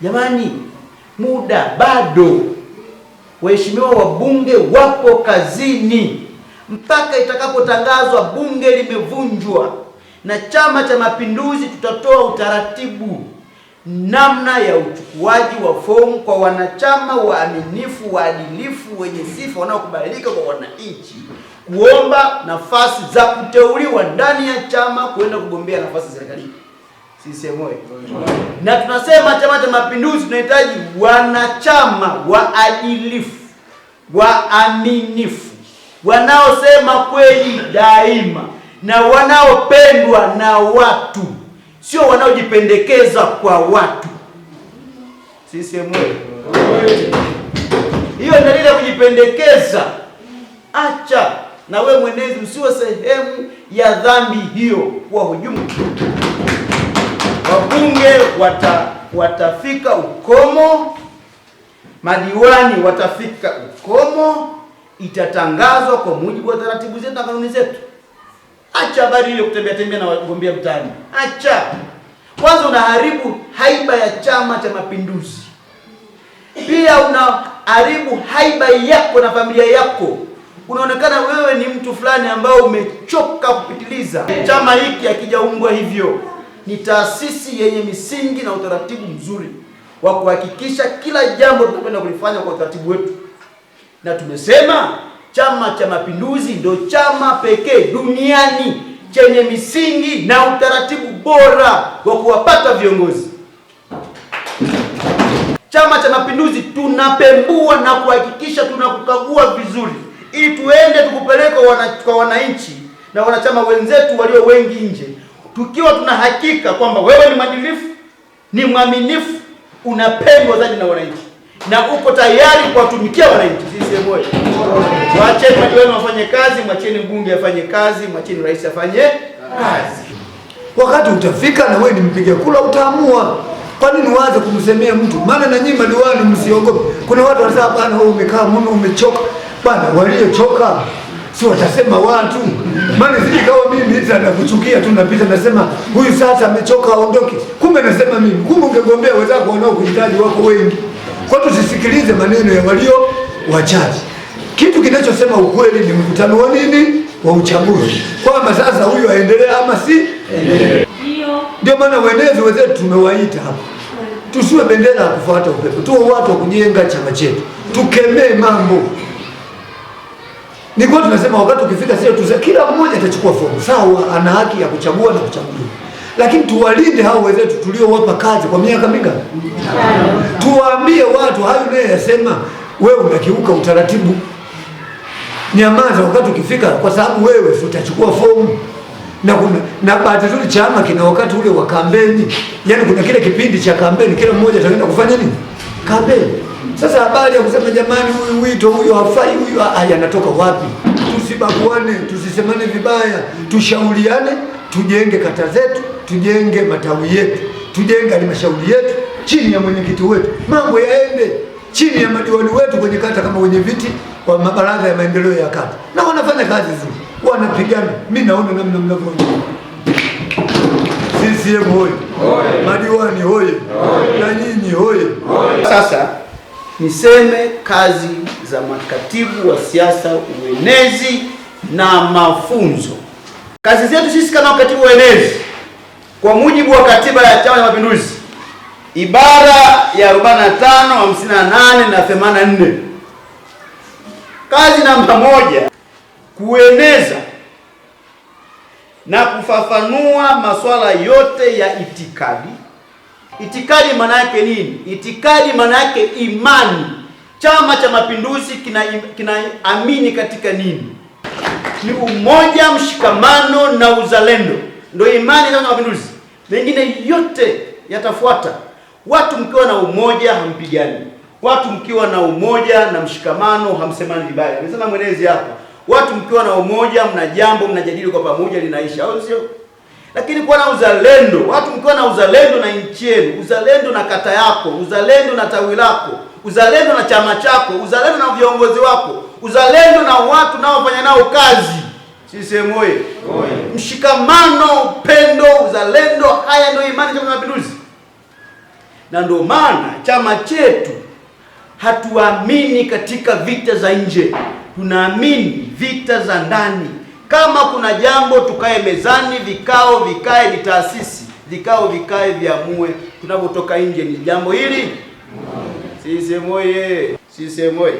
Jamani, muda bado. Waheshimiwa wabunge wapo kazini mpaka itakapotangazwa bunge limevunjwa, na Chama cha Mapinduzi tutatoa utaratibu namna ya uchukuaji wa fomu kwa wanachama waaminifu, waadilifu, wenye sifa, wanaokubalika kwa wananchi kuomba nafasi za kuteuliwa ndani ya chama kwenda kugombea nafasi serikalini. CCM na tunasema Chama cha Mapinduzi tunahitaji wanachama waadilifu, waaminifu, wanaosema kweli daima na wanaopendwa na watu, sio wanaojipendekeza kwa watu. CCM hiyo ndio ya kujipendekeza, acha na we mwenezi, usiwe sehemu ya dhambi hiyo, kwa hujumu wabunge wata, watafika ukomo, madiwani watafika ukomo, itatangazwa kwa mujibu wa taratibu zetu na kanuni zetu. Acha habari ile kutembea tembea na wagombea mtaani, acha kwanza, unaharibu haiba ya Chama cha Mapinduzi, pia unaharibu haiba yako na familia yako. Unaonekana wewe ni mtu fulani ambao umechoka kupitiliza. Chama hiki hakijaungwa hivyo ni taasisi yenye misingi na utaratibu mzuri wa kuhakikisha kila jambo tunapenda kulifanya kwa utaratibu wetu, na tumesema Chama cha Mapinduzi ndio chama pekee duniani chenye misingi na utaratibu bora wa kuwapata viongozi. Chama cha Mapinduzi tunapembua na kuhakikisha tunakukagua vizuri, ili tuende tukupeleke kwa wananchi na wanachama wenzetu walio wengi nje tukiwa tuna hakika kwamba wewe ni mwadilifu, ni mwaminifu, unapendwa zaidi na wananchi na uko tayari kuwatumikia wananchi. Sisi moyo, mwacheni madiwani wafanye kazi, mwacheni mbunge afanye kazi, mwacheni rais afanye kazi. Wakati utafika na wewe ni mpiga kula utaamua. Kwa nini waanze kumsemea mtu? Maana na nyinyi madiwani msiogope. Kuna watu wanasema bana, wewe umekaa mume umechoka bana. Waliochoka si watasema watu maana sisi kama mimi hizi anakuchukia tu napita nasema huyu sasa amechoka aondoke. Kumbe nasema mimi, kumbe ungegombea wenzako kuhitaji wako wengi. Kwa hiyo tusisikilize maneno ya walio wachache. Kitu kinachosema ukweli ni mkutano wa nini? Wa uchaguzi. Kwamba sasa huyu aendelee ama si? Ndio. Ndio maana uenezi wenzetu tumewaita hapa. Tusiwe bendera ya kufuata upepo. Tuwe watu wa kujenga chama chetu. Tukemee mambo. Ni kwa tunasema wakati ukifika sio tu kila mmoja atachukua fomu. Sawa, ana haki ya kuchagua na kuchaguliwa. Lakini tuwalinde hao wenzetu tuliowapa kazi kwa miaka mingapi? Tuwaambie watu hayo naye yasema wewe unakiuka utaratibu. Nyamaza wakati ukifika kwa sababu wewe utachukua fomu. Na kuna na bahati nzuri chama kina wakati ule wa kampeni. yani kuna kile kipindi cha kampeni kila mmoja ataenda kufanya nini? Kampeni. Sasa habari ya kusema jamani, huyu wito huyu hafai huyu, ah, anatoka wapi? Tusibaguane, tusisemane vibaya, tushauriane, tujenge kata zetu, tujenge matawi yetu, tujenge halmashauri yetu chini ya mwenyekiti wetu, mambo yaende chini ya madiwani wetu kwenye kata, kama wenye viti wa mabaraza ya maendeleo ya kata, na wanafanya kazi nzuri, wanapigana. Mimi naona namna mnavyoona CCM hoye, madiwani hoye, na nyinyi hoye. Sasa niseme kazi za makatibu wa siasa, uenezi na mafunzo. Kazi zetu sisi kama makatibu uenezi kwa mujibu wa katiba ya Chama cha Mapinduzi ibara ya 45, 58 na 84, kazi namba moja, kueneza na kufafanua masuala yote ya itikadi Itikadi maana yake nini? Itikadi maana yake imani. Chama cha Mapinduzi kinaamini kina katika nini? Ni umoja, mshikamano na uzalendo, ndio imani ya Chama Mapinduzi. Mengine yote yatafuata. Watu mkiwa na umoja hampigani, watu mkiwa na umoja na mshikamano hamsemani vibaya. Amesema mwenezi hapa, watu mkiwa na umoja, mna jambo mnajadili kwa pamoja, linaisha, au sio? lakini kuwa na uzalendo. Watu mkiwa na uzalendo na nchi yenu, uzalendo na kata yako, uzalendo na tawi lako, uzalendo na chama chako, uzalendo na viongozi wako, uzalendo na watu naofanya nao kazi, sisemu oye, mshikamano, upendo, uzalendo, haya ndio imani Chama cha Mapinduzi. Na ndio maana chama chetu hatuamini katika vita za nje, tunaamini vita za ndani. Kama kuna jambo tukae mezani, vikao vikae, ni taasisi vikao vikae, viamue. Tunapotoka nje ni jambo hili sisemoye, sisemoye.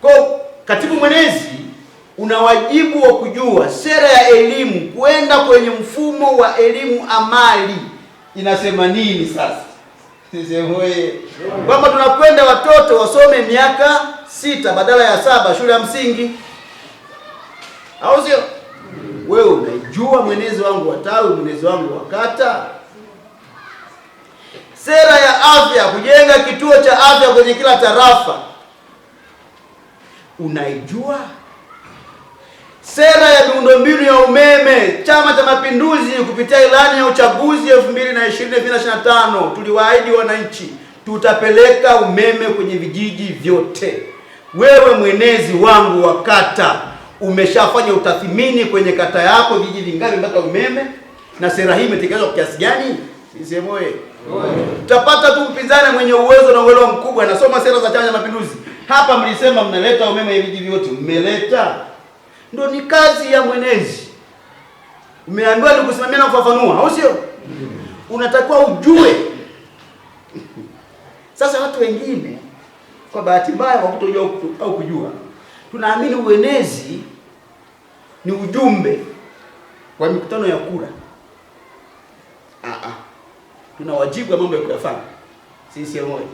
Kwa katibu mwenezi una wajibu wa kujua sera ya elimu, kwenda kwenye mfumo wa elimu amali inasema nini sasa Sisemoye kwamba tunakwenda watoto wasome miaka sita badala ya saba shule ya msingi au sio? Wewe unaijua mwenezi wangu wa tawi, mwenezi wangu wa kata. Sera ya afya, kujenga kituo cha afya kwenye kila tarafa, unaijua? Sera ya miundombinu ya umeme, Chama cha Mapinduzi kupitia ilani ya uchaguzi 2020-2025 tuliwaahidi wananchi tutapeleka umeme kwenye vijiji vyote. Wewe mwenezi wangu wa kata umeshafanya utathimini kwenye kata yako, vijiji vingapi mpaka umeme, na sera hii imetekelezwa kwa kiasi gani? Sisemu oye, tu mpinzani mwenye uwezo na uelewa mkubwa, anasoma sera za Chama cha Mapinduzi. Hapa mlisema mnaleta umeme ya vijiji vyote, mmeleta. Ndio ni kazi ya mwenezi, umeambiwa ni kusimamia na kufafanua, au sio? Unatakiwa ujue. Sasa watu wengine kwa bahati mbaya wakutojua au kujua tunaamini uenezi ni ujumbe wa mikutano ya kura. Ah, ah, tuna wajibu wa mambo ya kuyafanya sisi moja.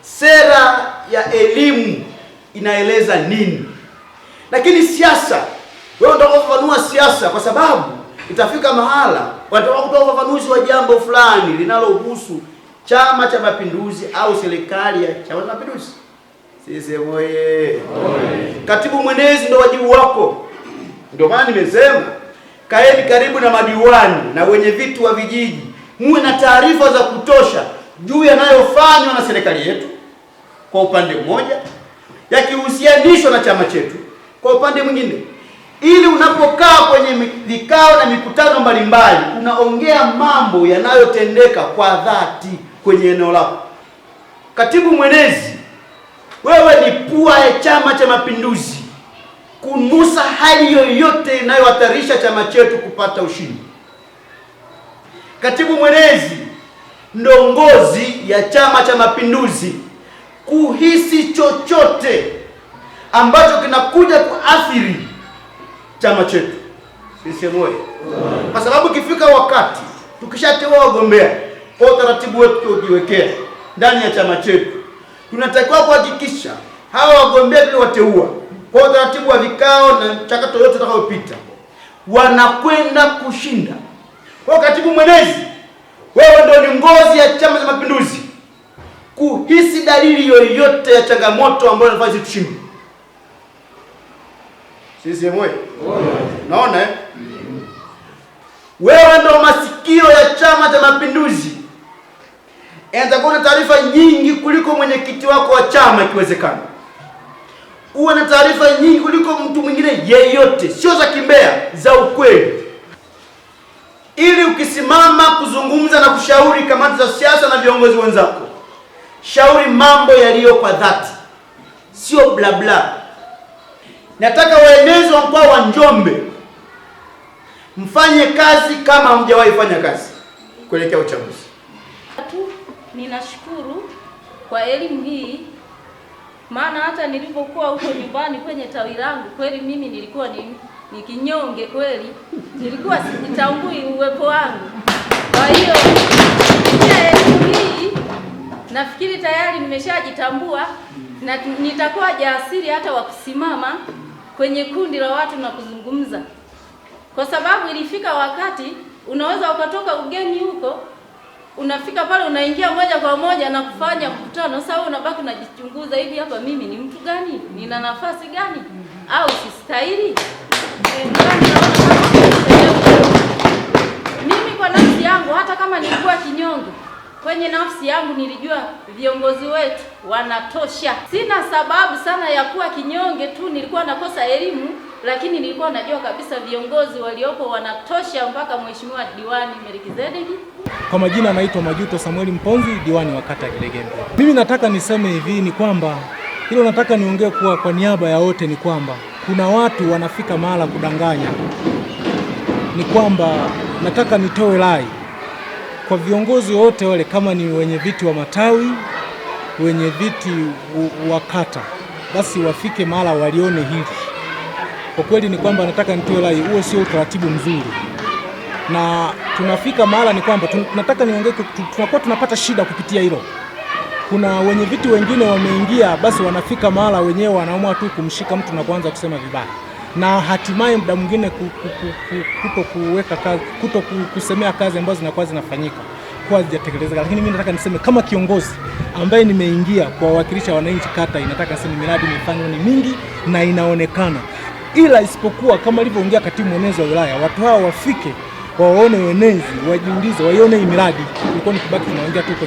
Sera ya elimu inaeleza nini? Lakini siasa, wewe unataka kufafanua siasa, kwa sababu itafika mahala wanataka kutoa ufafanuzi wa jambo fulani linalohusu Chama cha Mapinduzi au serikali ya Chama cha Mapinduzi. Sisi moye. Katibu mwenezi ndo wajibu wako, ndio maana nimesema kaeni karibu na madiwani na wenye viti wa vijiji, muwe na taarifa za kutosha juu yanayofanywa na serikali yetu kwa upande mmoja, yakihusianishwa na chama chetu kwa upande mwingine, ili unapokaa kwenye vikao na mikutano mbalimbali unaongea mambo yanayotendeka kwa dhati kwenye eneo lako. Katibu mwenezi ya Chama cha Mapinduzi kunusa hali yoyote inayohatarisha chama chetu kupata ushindi. Katibu mwenezi ndongozi ya Chama cha Mapinduzi kuhisi chochote ambacho kinakuja kuathiri chama chetu sisiemu, kwa sababu ikifika wakati tukishateua wagombea kwa utaratibu wetu tukiwekea ndani ya chama chetu tunatakiwa kuhakikisha hawa wagombea tuliowateua kwa utaratibu wa vikao na mchakato yote utakayopita wanakwenda kushinda. Kwa katibu mwenezi, wewe ndio ngozi ya Chama cha Mapinduzi, kuhisi dalili yoyote ya changamoto ambayo inafanya sisi tushinde, sisi mwe naona eh? Wewe ndio masikio ya Chama cha Mapinduzi, enda kuna taarifa nyingi kuliko mwenyekiti wako wa chama ikiwezekana uwe na taarifa nyingi kuliko mtu mwingine yeyote, sio za kimbea, za ukweli, ili ukisimama kuzungumza na kushauri kamati za siasa na viongozi wenzako, shauri mambo yaliyo kwa dhati, sio bla bla. Nataka waenezi wa mkoa wa Njombe mfanye kazi kama hamjawahi fanya kazi kuelekea uchaguzi. Ninashukuru kwa elimu hii maana hata nilipokuwa huko nyumbani kwenye tawi langu kweli mimi nilikuwa ni, ni kinyonge kweli, nilikuwa sijitambui uwepo wangu. Kwa hiyo hii nafikiri tayari nimeshajitambua na nitakuwa jasiri hata wa kusimama kwenye kundi la watu na kuzungumza, kwa sababu ilifika wakati unaweza ukatoka ugeni huko unafika pale unaingia moja kwa moja na kufanya mkutano. Sasa wewe unabaki unajichunguza, hivi hapa mimi ni mtu gani? Nina nafasi gani? au sistahili? Mimi kwa nafsi yangu, hata kama nilikuwa kinyonge kwenye nafsi yangu nilijua viongozi wetu wanatosha. Sina sababu sana ya kuwa kinyonge tu, nilikuwa nakosa elimu, lakini nilikuwa najua kabisa viongozi waliopo wanatosha, mpaka mheshimiwa diwani Melkizedeki kwa majina anaitwa Majuto Samueli Mponzi, diwani wa kata Kilegembya. Mimi nataka niseme hivi ni kwamba hilo nataka niongee kuwa kwa niaba ya wote ni kwamba kuna watu wanafika mahala kudanganya. Ni kwamba nataka nitoe rai kwa viongozi wote wale, kama ni wenye viti wa matawi, wenye viti wa kata, basi wafike mahala walione hili. Kwa kweli ni kwamba nataka nitoe rai, huo sio utaratibu mzuri na tunafika mahala ni kwamba tunataka niongee, tunakuwa tunapata shida kupitia hilo. Kuna wenye viti wengine wameingia, basi wanafika mahala wenyewe wanaamua tu kumshika mtu na kuanza kusema vibaya, na hatimaye muda mwingine kuto kuweka kazi, kuto kusemea kazi ambazo zinakuwa zinafanyika kwa hazijatekelezeka. Lakini mimi nataka niseme kama kiongozi ambaye nimeingia kuwawakilisha wananchi kata, inataka niseme miradi imefanywa ni mingi na inaonekana, ila isipokuwa kama alivyoongea katibu mwenezi wa wilaya, watu hao wafike waone wenezi, wajiulize, waione hii miradi, ilikuwa ni kubaki tunaongea tu.